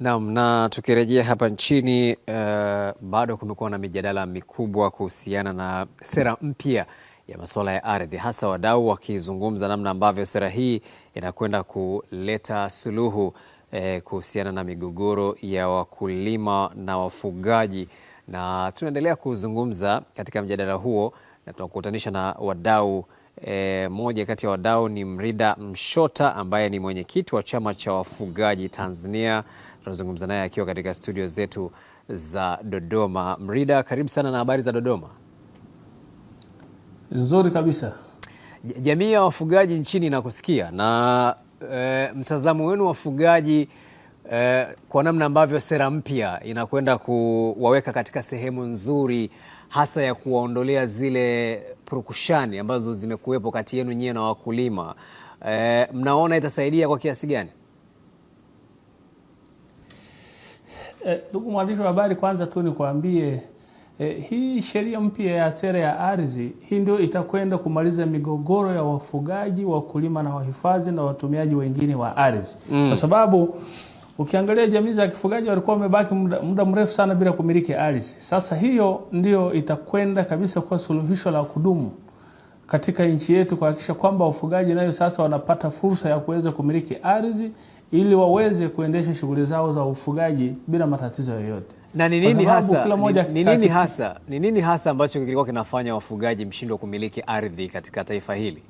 Naam, na tukirejea hapa nchini uh, bado kumekuwa na mijadala mikubwa kuhusiana na sera mpya ya masuala ya ardhi, hasa wadau wakizungumza namna ambavyo sera hii inakwenda kuleta suluhu eh, kuhusiana na migogoro ya wakulima na wafugaji, na tunaendelea kuzungumza katika mjadala huo na tunakutanisha na wadau E, moja kati ya wadau ni Mrida Mshota ambaye ni mwenyekiti wa chama cha wafugaji Tanzania Tunazungumza naye akiwa katika studio zetu za Dodoma. Mrida, karibu sana na habari za Dodoma. Nzuri kabisa. Jamii ya wafugaji nchini inakusikia na e, mtazamo wenu wafugaji e, kwa namna ambavyo sera mpya inakwenda kuwaweka katika sehemu nzuri hasa ya kuwaondolea zile purukushani ambazo zimekuwepo kati yenu nyiwe na wakulima e, mnaona itasaidia kwa kiasi gani? Eh, ndugu eh, mwandishi wa habari, kwanza tu nikuambie eh, hii sheria mpya ya sera ya ardhi hii ndio itakwenda kumaliza migogoro ya wafugaji, wakulima na wahifadhi na watumiaji wengine wa ardhi mm. kwa sababu ukiangalia jamii za kifugaji walikuwa wamebaki muda, muda mrefu sana bila kumiliki ardhi. Sasa hiyo ndio itakwenda kabisa kuwa suluhisho la kudumu katika nchi yetu kuhakikisha kwamba wafugaji nayo sasa wanapata fursa ya kuweza kumiliki ardhi ili waweze kuendesha shughuli zao za ufugaji bila matatizo yoyote. Na ni nini hasa ni nini hasa ni nini hasa ambacho kilikuwa kinafanya wafugaji mshindo kumiliki ardhi katika taifa hili?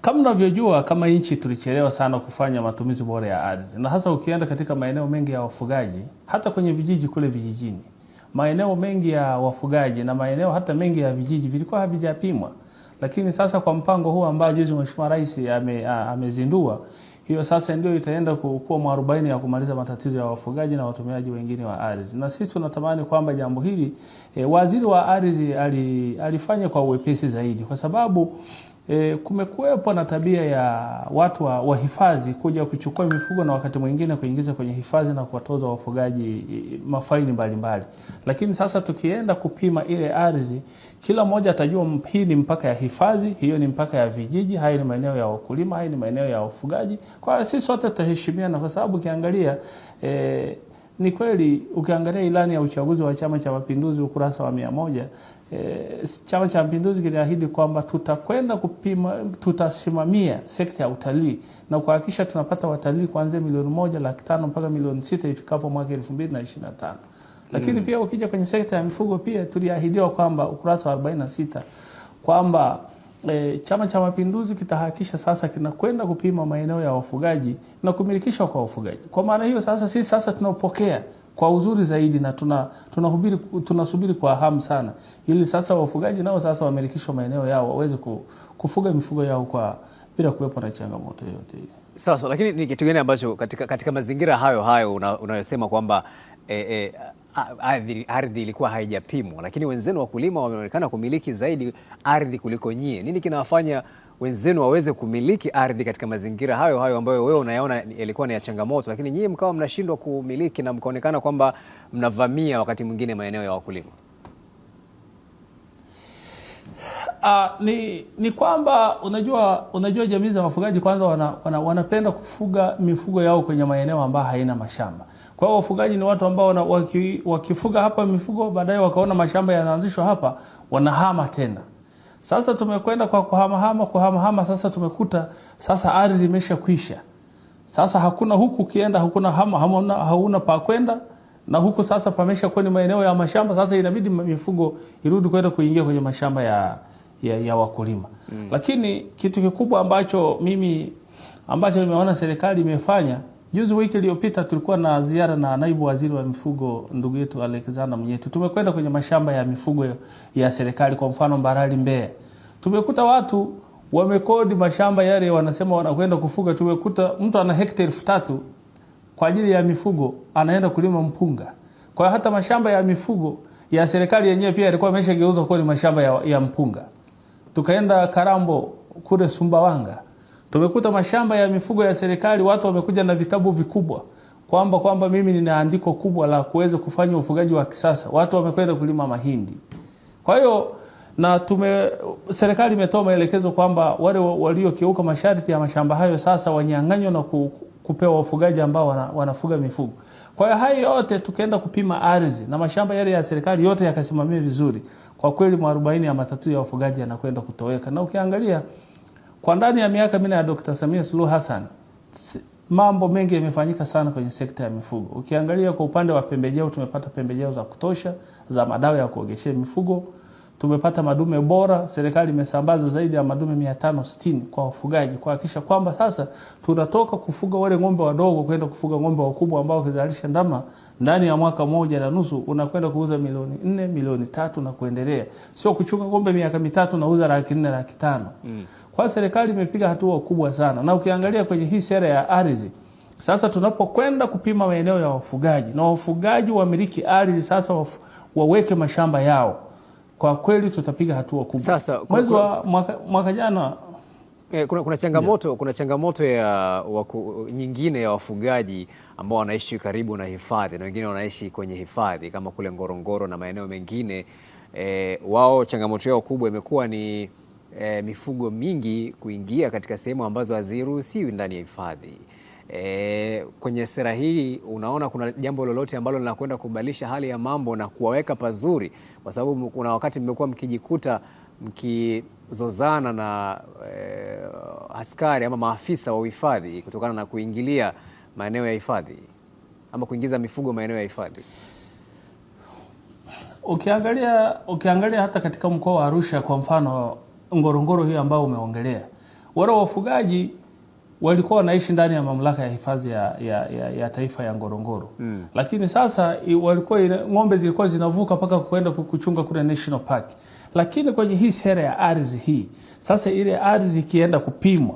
Kama unavyojua, kama nchi tulichelewa sana kufanya matumizi bora ya ardhi, na hasa ukienda katika maeneo mengi ya wafugaji, hata kwenye vijiji kule vijijini, maeneo mengi ya wafugaji na maeneo hata mengi ya vijiji vilikuwa havijapimwa lakini sasa kwa mpango huu ambao juzi Mheshimiwa Rais amezindua ame hiyo sasa ndio itaenda kuwa mwarobaini ya kumaliza matatizo ya wafugaji na watumiaji wengine wa ardhi, na sisi tunatamani kwamba jambo hili e, waziri wa ardhi alifanya kwa uwepesi zaidi, kwa sababu e, kumekuwepo na tabia ya watu wa, wa hifadhi kuja kuchukua mifugo na wakati mwingine kuingiza kwenye hifadhi na kuwatoza wafugaji e, mafaini mbalimbali, lakini sasa tukienda kupima ile ardhi kila mmoja atajua hii ni mpaka ya hifadhi, hiyo ni mpaka ya vijiji, haya ni maeneo ya wakulima, haya ni maeneo ya wafugaji. Kwa hiyo sisi sote tutaheshimiana, kwa sababu ukiangalia e, ni kweli ukiangalia ilani ya uchaguzi wa Chama cha Mapinduzi ukurasa wa mia moja e, Chama cha Mapinduzi kiliahidi kwamba tutakwenda kupima, tutasimamia sekta ya utalii na kuhakikisha tunapata watalii kuanzia milioni moja laki tano mpaka milioni sita ifikapo mwaka elfu mbili na ishirini na tano. Lakini mm. pia ukija kwenye sekta ya mifugo pia tuliahidiwa kwamba ukurasa wa 46 kwamba e, Chama cha Mapinduzi kitahakikisha sasa kinakwenda kupima maeneo ya wafugaji na kumilikishwa kwa wafugaji. Kwa maana hiyo sasa sisi sasa tunaopokea kwa uzuri zaidi na tuna tunahubiri tunasubiri kwa hamu sana, ili sasa wafugaji nao sasa wamilikishwa maeneo yao waweze kufuga mifugo yao kwa bila kuwepo na changamoto yoyote hizi. Sasa lakini ni kitu gani ambacho katika, katika mazingira hayo hayo unayosema una kwamba e, e, ardhi, ardhi ilikuwa haijapimwa, lakini wenzenu wakulima wameonekana kumiliki zaidi ardhi kuliko nyie. Nini kinawafanya wenzenu waweze kumiliki ardhi katika mazingira hayo hayo ambayo wewe unayaona yalikuwa ni ya changamoto, lakini nyie mkawa mnashindwa kumiliki na mkaonekana kwamba mnavamia wakati mwingine maeneo ya wakulima? Uh, ni ni kwamba unajua unajua jamii za wafugaji kwanza wanapenda wana, wanapenda kufuga mifugo yao kwenye maeneo ambayo haina mashamba. Kwa hiyo wafugaji ni watu ambao wana, waki, wakifuga hapa mifugo baadaye wakaona mashamba yanaanzishwa hapa wanahama tena. Sasa tumekwenda kwa kuhamahama kuhamahama, sasa tumekuta sasa ardhi imeshakwisha. Sasa hakuna huku ukienda hakuna hama, hamuna, hauna pa kwenda na huku sasa pamesha kuwa ni maeneo ya mashamba. Sasa inabidi mifugo irudi kwenda kuingia kwenye mashamba ya, ya, ya wakulima mm. Lakini kitu kikubwa ambacho mimi ambacho nimeona serikali imefanya Juzi wiki iliyopita tulikuwa na ziara na naibu waziri wa mifugo ndugu yetu Alexander Mnyeti. Tumekwenda kwenye mashamba ya mifugo ya serikali, kwa mfano Mbarali, Mbeya. Tumekuta watu wamekodi mashamba yale, wanasema wanakwenda kufuga. Tumekuta mtu ana hektari elfu tatu kwa ajili ya mifugo, anaenda kulima mpunga. Kwa hiyo hata mashamba ya mifugo ya serikali yenyewe pia yalikuwa yameshageuzwa kuwa ni mashamba ya, ya mpunga. Tukaenda Karambo kule Sumbawanga Tumekuta mashamba ya mifugo ya serikali watu wamekuja na vitabu vikubwa kwamba kwamba mimi nina andiko kubwa la kuweza kufanya ufugaji wa kisasa. Watu wamekwenda kulima mahindi. Kwa hiyo na tume serikali imetoa maelekezo kwamba wale waliokiuka masharti ya mashamba hayo sasa wanyang'anywa na kupewa wafugaji ambao wana, wanafuga mifugo. Kwa hiyo hayo yote tukaenda kupima ardhi na mashamba yale ya serikali yote yakasimamia vizuri. Kwa kweli mwarobaini ya matatizo ya wafugaji yanakwenda kutoweka. Na ukiangalia kwa ndani ya miaka minne ya Dr. Samia Suluhu Hassan mambo mengi yamefanyika sana kwenye sekta ya mifugo. Ukiangalia kwa upande wa pembejeo, tumepata pembejeo za kutosha za madawa ya kuogeshea mifugo tumepata madume bora. Serikali imesambaza zaidi ya madume 560 kwa wafugaji kuhakikisha kwamba sasa tunatoka kufuga wale ng'ombe wadogo kwenda kufuga ng'ombe wakubwa ambao wakizalisha ndama ndani ya mwaka moja na nusu unakwenda kuuza milioni nne, milioni tatu na kuendelea, sio kuchunga ng'ombe miaka mitatu na uza laki nne, laki tano. Mm. Kwa serikali imepiga hatua kubwa sana, na ukiangalia kwenye hii sera ya ardhi sasa tunapokwenda kupima maeneo ya wafugaji na wafugaji wamiliki ardhi sasa wafu, waweke mashamba yao mm kwa kweli tutapiga hatua kubwa. Sasa mwezi wa mwaka, mwaka jana eh, kuna, kuna changamoto yeah. Kuna changamoto ya waku, nyingine ya wafugaji ambao wanaishi karibu na hifadhi na wengine wanaishi kwenye hifadhi kama kule Ngorongoro na maeneo mengine e, wao changamoto yao kubwa imekuwa ni e, mifugo mingi kuingia katika sehemu ambazo haziruhusiwi ndani ya hifadhi. E, kwenye sera hii unaona kuna jambo lolote ambalo linakwenda kubadilisha hali ya mambo na kuwaweka pazuri? Kwa sababu kuna wakati mmekuwa mkijikuta mkizozana na e, askari ama maafisa wa uhifadhi kutokana na kuingilia maeneo ya hifadhi ama kuingiza mifugo maeneo ya hifadhi. Ukiangalia ukiangalia hata katika mkoa wa Arusha kwa mfano Ngorongoro hii ambao umeongelea, wale wafugaji walikuwa wanaishi ndani ya mamlaka ya hifadhi ya, ya, ya, ya taifa ya Ngorongoro mm. Lakini sasa walikuwa ng'ombe zilikuwa zinavuka mpaka kwenda kuchunga kule National Park, lakini kwenye hii sera ya ardhi hii sasa, ile ardhi ikienda kupimwa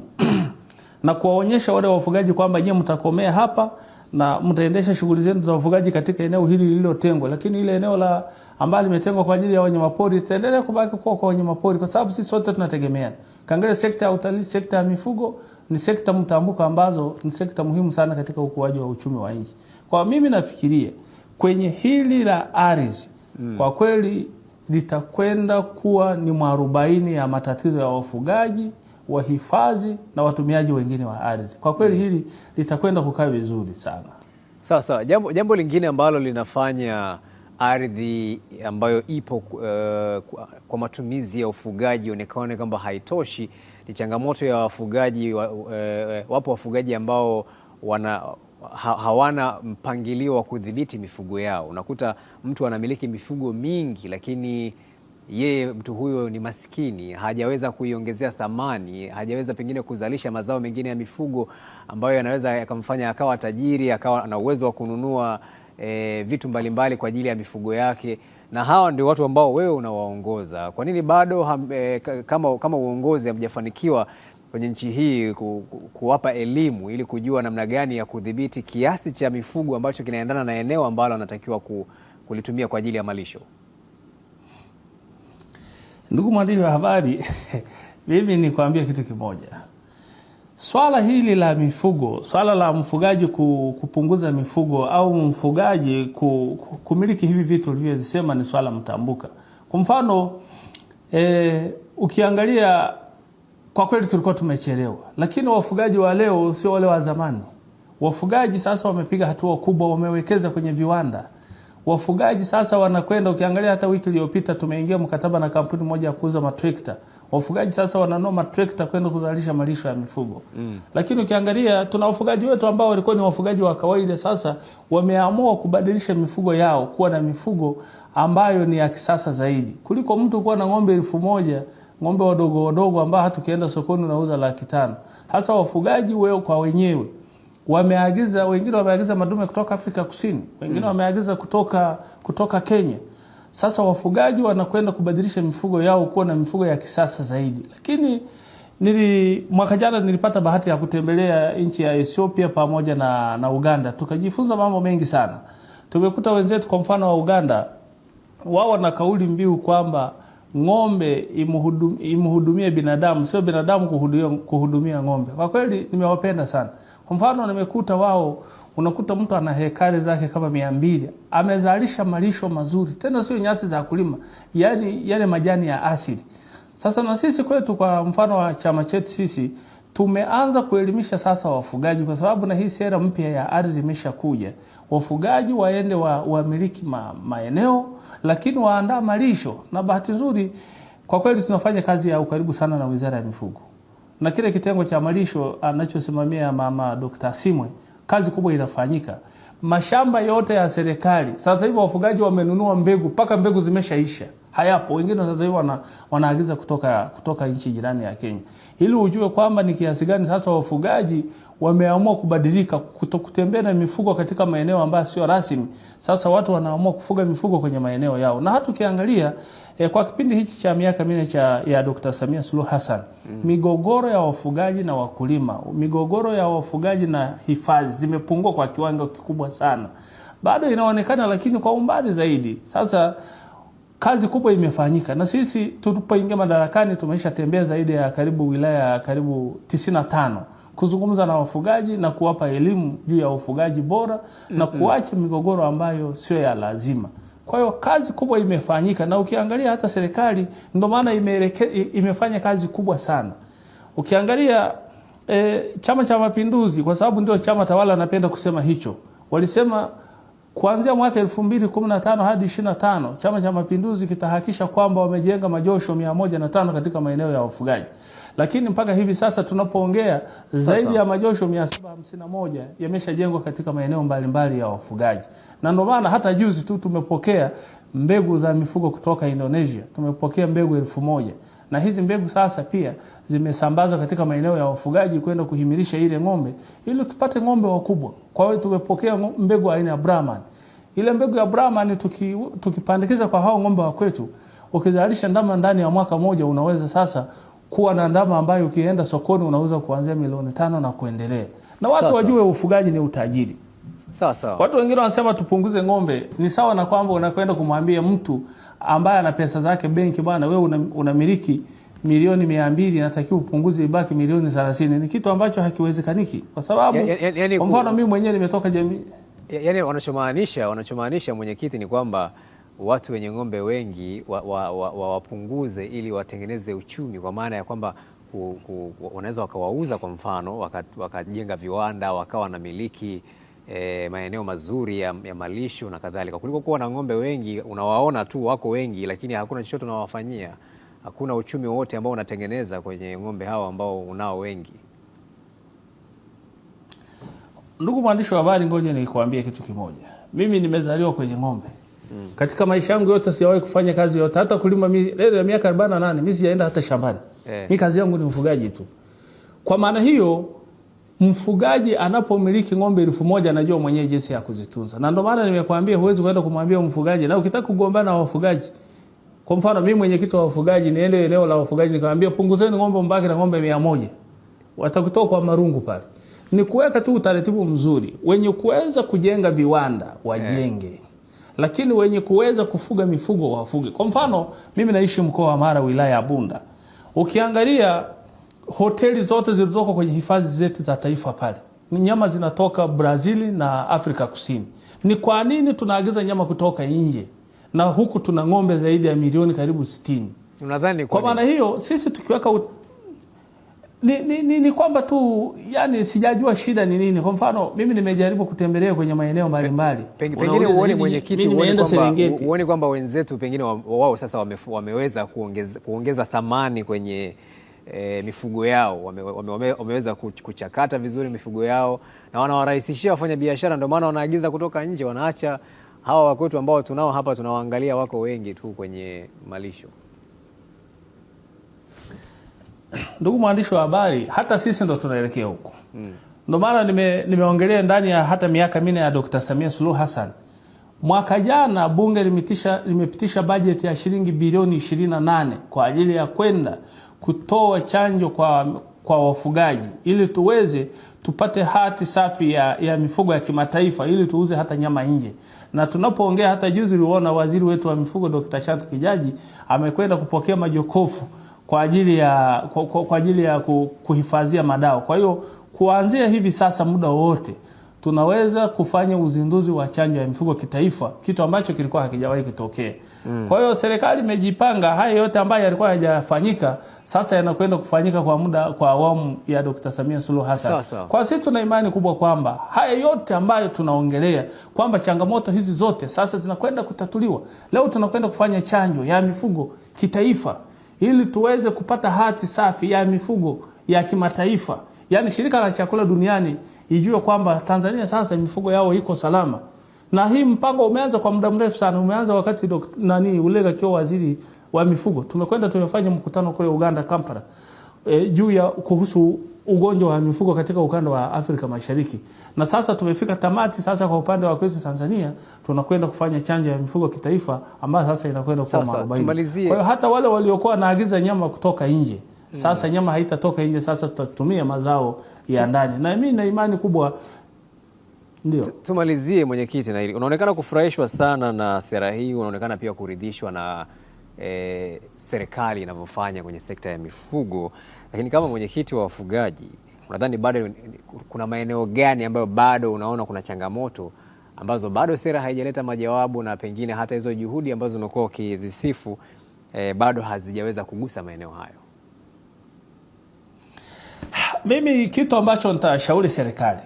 na kuwaonyesha wale wafugaji kwamba nyie mtakomea hapa na mtaendesha shughuli zenu za ufugaji katika eneo hili lililotengwa, lakini ile eneo la ambalo limetengwa kwa ajili ya wanyamapori litaendelea kubaki kuwa kwa wanyamapori, kwa sababu sisi sote tunategemeana. Kaangalia sekta ya utalii, sekta ya mifugo ni sekta mtambuko ambazo ni sekta muhimu sana katika ukuaji wa uchumi wa nchi. Kwa mimi nafikiria kwenye hili la ardhi mm. kwa kweli litakwenda kuwa ni mwarobaini ya matatizo ya wafugaji, wahifadhi na watumiaji wengine wa ardhi. Kwa kweli hili litakwenda kukaa vizuri sana. Sawa sawa. Jambo, jambo lingine ambalo linafanya ardhi ambayo ipo uh, kwa matumizi ya ufugaji onekane kwamba haitoshi, ni changamoto ya wafugaji wa, uh, wapo wafugaji ambao wana hawana mpangilio wa kudhibiti mifugo yao. Unakuta mtu anamiliki mifugo mingi, lakini yeye mtu huyo ni maskini, hajaweza kuiongezea thamani, hajaweza pengine kuzalisha mazao mengine ya mifugo ambayo yanaweza yakamfanya akawa tajiri, akawa na uwezo wa kununua e, vitu mbalimbali mbali kwa ajili ya mifugo yake, na hawa ndio watu ambao wewe unawaongoza. Kwa nini bado ham, e, kama, kama uongozi hamjafanikiwa kwenye nchi hii ku, ku, kuwapa elimu ili kujua namna gani ya kudhibiti kiasi cha mifugo ambacho kinaendana na eneo ambalo anatakiwa ku, kulitumia kwa ajili ya malisho? Ndugu mwandishi wa habari, mimi nikwambie kitu kimoja. Swala hili la mifugo, swala la mfugaji kupunguza mifugo au mfugaji kumiliki hivi vitu ulivyosema ni swala mtambuka. Kwa mfano e, ukiangalia kwa kweli tulikuwa tumechelewa, lakini wafugaji wa leo sio wale wa zamani. Wafugaji sasa wamepiga hatua kubwa, wamewekeza kwenye viwanda. Wafugaji sasa wanakwenda, ukiangalia hata wiki iliyopita tumeingia mkataba na kampuni moja ya kuuza matrekta Wafugaji sasa wananoma trekta kwenda kuzalisha malisho ya mifugo mm. Lakini ukiangalia tuna wafugaji wetu ambao walikuwa ni wafugaji wa kawaida, sasa wameamua kubadilisha mifugo yao kuwa na mifugo ambayo ni ya kisasa zaidi kuliko mtu kuwa na ng'ombe elfu moja ng'ombe wadogo wadogo ambao hata ukienda sokoni unauza laki tano. Hasa wafugaji weo kwa wenyewe wameagiza, wengine wameagiza madume kutoka Afrika Kusini, wengine mm. wameagiza kutoka kutoka Kenya sasa wafugaji wanakwenda kubadilisha mifugo yao kuwa na mifugo ya kisasa zaidi, lakini nili mwaka jana nilipata bahati ya kutembelea nchi ya Ethiopia pamoja na, na Uganda tukajifunza mambo mengi sana. Tumekuta wenzetu kwa mfano wa Uganda wao wana kauli mbiu kwamba ng'ombe imhudumie binadamu, sio binadamu kuhudumia, kuhudumia ng'ombe. Kwa kweli nimewapenda sana. Kwa mfano nimekuta wao, unakuta mtu ana hekari zake kama mia mbili amezalisha malisho mazuri, tena sio nyasi za kulima, yani yale yaani majani ya asili. Sasa na sisi kwetu, kwa mfano wa chama chetu sisi tumeanza kuelimisha sasa wafugaji, kwa sababu na hii sera mpya ya ardhi imeshakuja. Wafugaji waende wa, wamiliki ma, maeneo lakini waandaa malisho, na bahati nzuri kwa kweli tunafanya kazi ya ukaribu sana na Wizara ya Mifugo na kile kitengo cha malisho anachosimamia Mama Dr. Simwe, kazi kubwa inafanyika mashamba yote ya serikali. Sasa hivi wafugaji wamenunua mbegu, mpaka mbegu zimeshaisha hayapo. Wengine sasa hivi wana, wanaagiza kutoka, kutoka nchi jirani ya Kenya, ili ujue kwamba ni kiasi gani sasa wafugaji wameamua kubadilika, kutembea na mifugo katika maeneo ambayo sio rasmi. Sasa watu wanaamua kufuga mifugo kwenye maeneo yao, na hata ukiangalia eh, kwa kipindi hichi cha miaka minne cha ya Dr. Samia Suluhu Hassan mm. migogoro ya wafugaji na wakulima, migogoro ya wafugaji na hifadhi zimepungua kwa kiwango kikubwa sana, bado inaonekana lakini kwa umbali zaidi. Sasa kazi kubwa imefanyika, na sisi tulipoingia madarakani tumeshatembea zaidi ya karibu wilaya karibu 95 kuzungumza na wafugaji na kuwapa elimu juu ya ufugaji bora na kuacha migogoro ambayo sio ya lazima. Kwa hiyo kazi kubwa imefanyika, na ukiangalia hata serikali ndio maana imefanya kazi kubwa sana. Ukiangalia e, Chama cha Mapinduzi, kwa sababu ndio chama tawala, napenda kusema hicho, walisema Kuanzia mwaka 2015 hadi 25 Chama cha Mapinduzi kitahakisha kwamba wamejenga majosho 105 katika maeneo ya wafugaji, lakini mpaka hivi sasa tunapoongea zaidi ya majosho 751 yameshajengwa katika maeneo mbalimbali ya wafugaji, na ndio maana hata juzi tu tumepokea mbegu za mifugo kutoka Indonesia, tumepokea mbegu elfu moja na hizi mbegu sasa pia zimesambazwa katika maeneo ya wafugaji kwenda kuhimilisha ile ng'ombe ili tupate ng'ombe wakubwa. Kwa hiyo tumepokea mbegu aina ya Brahman. Ile mbegu ya Brahman tuki, tukipandikiza kwa hao ng'ombe wa kwetu, ukizalisha ndama ndani ya mwaka moja, unaweza sasa kuwa na ndama ambayo ukienda sokoni unauza kuanzia milioni tano na kuendelea, na watu sasa wajue ufugaji ni utajiri. Sawa sawa. Watu wengine wanasema tupunguze ng'ombe, ni sawa na kwamba unakwenda kumwambia mtu ambaye ana pesa zake benki, bwana wewe unamiliki una milioni mia mbili natakiwa upunguze ibaki milioni thelathini. Ni kitu ambacho hakiwezekaniki kwa sababu ya, ya, ya, kwa mfano mimi mwenyewe nimetoka jamii yaani wanachomaanisha wanachomaanisha mwenyekiti ni kwamba watu wenye ng'ombe wengi wawapunguze wa, wa, wa, ili watengeneze uchumi, kwa maana ya kwamba wanaweza wakawauza kwa mfano wakajenga waka viwanda wakawa na miliki e, maeneo mazuri ya, ya malisho na kadhalika, kuliko kuwa na ng'ombe wengi unawaona tu wako wengi, lakini hakuna chochote unawafanyia. Hakuna uchumi wowote ambao unatengeneza kwenye ng'ombe hao ambao unao wengi. Ndugu mwandishi wa habari, ngoja nikuambie kitu kimoja. Mimi nimezaliwa kwenye ng'ombe mm. Katika maisha yangu yote sijawahi kufanya kazi yote, hata kulima. mi, leo ya miaka 48 mimi sijaenda hata shambani eh. Mimi kazi yangu ni mfugaji tu. Kwa maana hiyo Mfugaji anapomiliki ng'ombe elfu moja anajua mwenyewe jinsi ya kuzitunza, na ndio maana nimekwambia huwezi kwenda kumwambia mfugaji, na ukitaka kugombana na wafugaji kwa mfano mimi mwenyekiti wa wafugaji niende eneo la wafugaji nikamwambia punguzeni ng'ombe mbaki na ng'ombe mia moja, watakutoa kwa marungu pale. Ni kuweka tu utaratibu mzuri, wenye kuweza kujenga viwanda wajenge, yeah. Lakini wenye kuweza kufuga mifugo wafuge. Kwa mfano mimi naishi mkoa wa Mara, wilaya ya Bunda, ukiangalia hoteli zote zilizoko kwenye hifadhi zetu za taifa pale nyama zinatoka Brazili na Afrika Kusini. Ni kwa nini tunaagiza nyama kutoka nje na huku tuna ng'ombe zaidi ya milioni karibu sitini? Unadhani kwa maana hiyo sisi tukiweka ut... ni, ni, ni, ni kwamba tu yani, sijajua shida ni nini. Kwa mfano mimi nimejaribu kutembelea kwenye maeneo mbalimbali, pengine uone mwenyekiti, uone kwamba wenzetu pengine wao sasa wame, wameweza kuongeza, kuongeza thamani kwenye e, mifugo yao wame, wame, wameweza kuchakata vizuri mifugo yao na wanawarahisishia wafanya biashara, ndio maana wanaagiza kutoka nje, wanaacha hawa wakwetu ambao tunao hapa tunawaangalia wako wengi tu kwenye malisho. Ndugu mwandishi wa habari, hata sisi ndo tunaelekea huko hmm. Ndo maana nimeongelea nime ndani ya hata miaka minne ya Dr. Samia Suluhu Hassan, mwaka jana bunge limepitisha bajeti ya shilingi bilioni 28 kwa ajili ya kwenda kutoa chanjo kwa, kwa wafugaji ili tuweze tupate hati safi ya, ya mifugo ya kimataifa ili tuuze hata nyama nje. Na tunapoongea hata juzi uliona waziri wetu wa mifugo Dr. Shantu Kijaji amekwenda kupokea majokofu kwa ajili ya, kwa, kwa, kwa ajili ya kuhifadhia madawa. Kwa hiyo kuanzia hivi sasa muda wowote tunaweza kufanya uzinduzi wa chanjo ya mifugo kitaifa, kitu ambacho kilikuwa hakijawahi kutokea. Mm. Kwa hiyo serikali imejipanga, haya yote ambayo yalikuwa hayajafanyika sasa yanakwenda kufanyika kwa muda kwa awamu ya Dr. Samia Suluhu Hassan. Kwa sisi tuna imani kubwa kwamba haya yote ambayo tunaongelea kwamba changamoto hizi zote sasa zinakwenda kutatuliwa. Leo tunakwenda kufanya chanjo ya mifugo kitaifa ili tuweze kupata hati safi ya mifugo ya kimataifa Yaani shirika la chakula duniani ijue kwamba Tanzania sasa mifugo yao iko salama. Na hii mpango umeanza kwa muda mrefu sana, umeanza wakati dok, nani ule akiwa waziri wa mifugo. Tumekwenda tumefanya mkutano kule Uganda Kampala, e, juu ya kuhusu ugonjwa wa mifugo katika ukanda wa Afrika Mashariki. Na sasa tumefika tamati sasa kwa upande wa kwetu Tanzania tunakwenda kufanya chanjo ya mifugo kitaifa ambayo sasa inakwenda kwa 40. Kwa hiyo hata wale waliokuwa wanaagiza nyama kutoka nje sasa nyama haitatoka nje, sasa tutatumia mazao ya ndani, na mimi na imani kubwa. Ndio tumalizie, mwenyekiti, na hili unaonekana kufurahishwa sana na sera hii, unaonekana pia kuridhishwa na e, serikali inavyofanya kwenye sekta ya mifugo, lakini kama mwenyekiti wa wafugaji, unadhani bado kuna maeneo gani ambayo bado unaona kuna changamoto ambazo bado sera haijaleta majawabu na pengine hata hizo juhudi ambazo umekuwa ukizisifu e, bado hazijaweza kugusa maeneo hayo? mimi kitu ambacho nitashauri serikali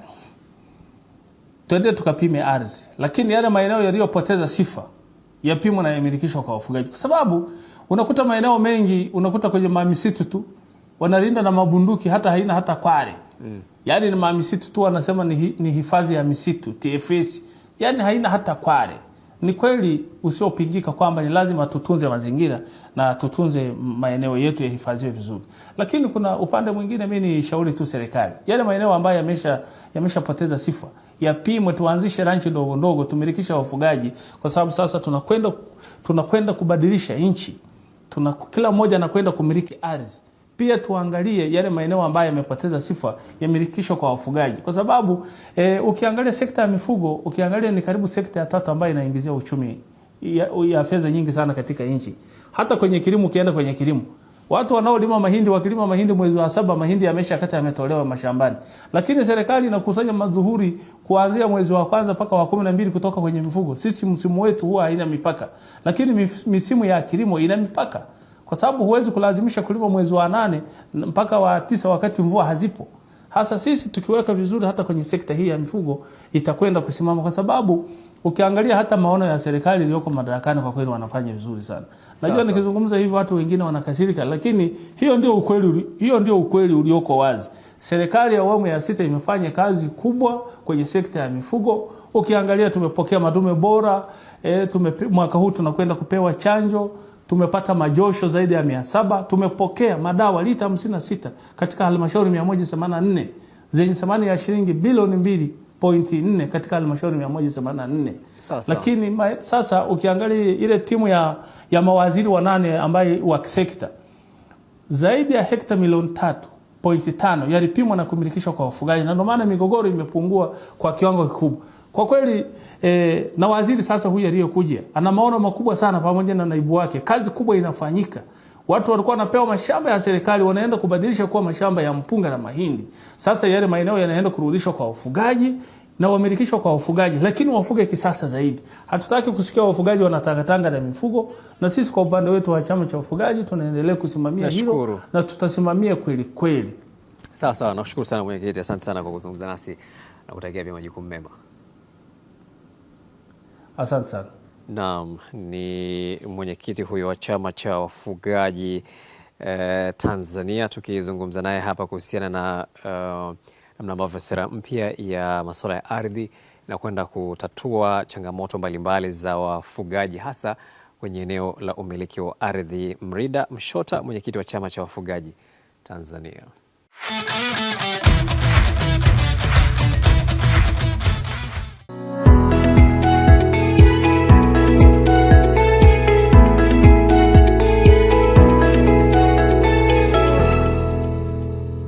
twende tukapime ardhi, lakini yale maeneo yaliyopoteza sifa yapimwe na yamilikishwa kwa wafugaji, kwa sababu unakuta maeneo mengi unakuta kwenye mamisitu tu wanalinda na mabunduki, hata haina hata kware mm. Yani ni mamisitu tu, wanasema ni hifadhi ya misitu TFS, yani haina hata kware ni kweli usiopingika kwamba ni lazima tutunze mazingira na tutunze maeneo yetu yahifadhiwe vizuri, lakini kuna upande mwingine, mi ni shauri tu serikali, yale maeneo ambayo yamesha yameshapoteza sifa yapimwe, tuanzishe ranchi ndogo ndogo, tumilikisha wafugaji, kwa sababu sasa tunakwenda tunakwenda kubadilisha nchi tuna, kila mmoja anakwenda kumiliki ardhi pia tuangalie yale maeneo ambayo yamepoteza sifa yamilikishwa kwa wafugaji, kwa sababu e, ukiangalia sekta ya mifugo, ukiangalia ni karibu sekta ya tatu ambayo inaingizia uchumi ya, ya fedha nyingi sana katika nchi. Hata kwenye kilimo, ukienda kwenye kilimo watu wanaolima mahindi wakilima mahindi mwezi wa saba mahindi yamesha kata yametolewa mashambani, lakini serikali inakusanya madhuhuri kuanzia mwezi wa kwanza mpaka wa kumi na mbili kutoka kwenye mifugo. Sisi msimu wetu huwa haina mipaka, lakini misimu ya kilimo ina mipaka kwa sababu huwezi kulazimisha kulima mwezi wa nane mpaka wa tisa wakati mvua hazipo. Hasa sisi tukiweka vizuri, hata kwenye sekta hii ya mifugo itakwenda kusimama, kwa sababu ukiangalia hata maono ya serikali iliyoko madarakani kwa kweli wanafanya vizuri sana. Najua nikizungumza hivyo watu wengine wanakasirika, lakini hiyo ndio ukweli, hiyo ndio ukweli ulioko wazi. Serikali ya awamu ya sita imefanya kazi kubwa kwenye sekta ya mifugo. Ukiangalia tumepokea madume bora e, eh, tume, mwaka huu tunakwenda kupewa chanjo tumepata majosho zaidi ya mia saba. Tumepokea madawa lita hamsini na sita katika halmashauri 184 zenye thamani ya shilingi bilioni mbili pointi nne katika halmashauri 184. Lakini ma, sasa ukiangalia ile timu ya, ya mawaziri wanane ambaye wa sekta zaidi ya hekta milioni tatu pointi tano yalipimwa na kumilikishwa kwa wafugaji, na ndio maana migogoro imepungua kwa kiwango kikubwa. Kwa kweli e, na waziri sasa huyu aliyokuja ana maono makubwa sana, pamoja na naibu wake. Kazi kubwa inafanyika. Watu walikuwa wanapewa mashamba ya serikali wanaenda kubadilisha kuwa mashamba ya mpunga na mahindi. Sasa yale maeneo yanaenda kurudishwa kwa wafugaji na wamilikishwa kwa wafugaji, lakini wafuge kisasa zaidi. Hatutaki kusikia wafugaji wanatangatanga na mifugo, na sisi kwa upande wetu wa chama cha wafugaji tunaendelea kusimamia hilo na tutasimamia kweli kweli. Sawa sawa, nashukuru sana mwenyekiti, asante sana kwa kuzungumza nasi na kutakia vyema majukumu mema. Asante sana. Naam, ni mwenyekiti huyo wa chama cha wafugaji eh, Tanzania tukizungumza naye hapa kuhusiana na eh, namna uh, ambavyo sera mpya ya masuala ya ardhi inakwenda kutatua changamoto mbalimbali za wafugaji hasa kwenye eneo la umiliki wa ardhi. Mrida Mshota, mwenyekiti wa chama cha wafugaji Tanzania